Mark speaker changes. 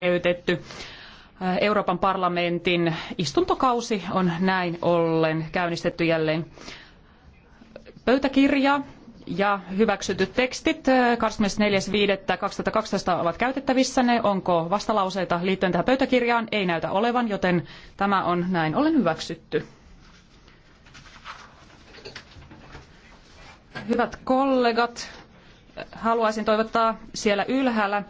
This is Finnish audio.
Speaker 1: keskeytetty. Euroopan parlamentin istuntokausi on näin ollen käynnistetty jälleen pöytäkirja ja hyväksytyt tekstit 24.5.2012 ovat käytettävissä. Ne onko vastalauseita liittyen tähän pöytäkirjaan? Ei näytä olevan, joten tämä on näin ollen hyväksytty. Hyvät kollegat,
Speaker 2: haluaisin toivottaa siellä ylhäällä